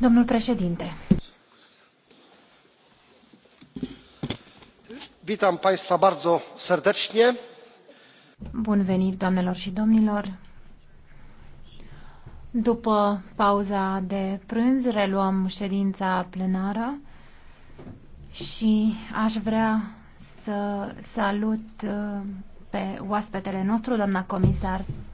Domnule președinte. Witam państwa bardzo serdecznie. Bun venit, doamnelor și domnilor. După pauza de prânz reluăm ședința plenară și aș vrea să salut uh, pe oaspetele nostru, doamna comisar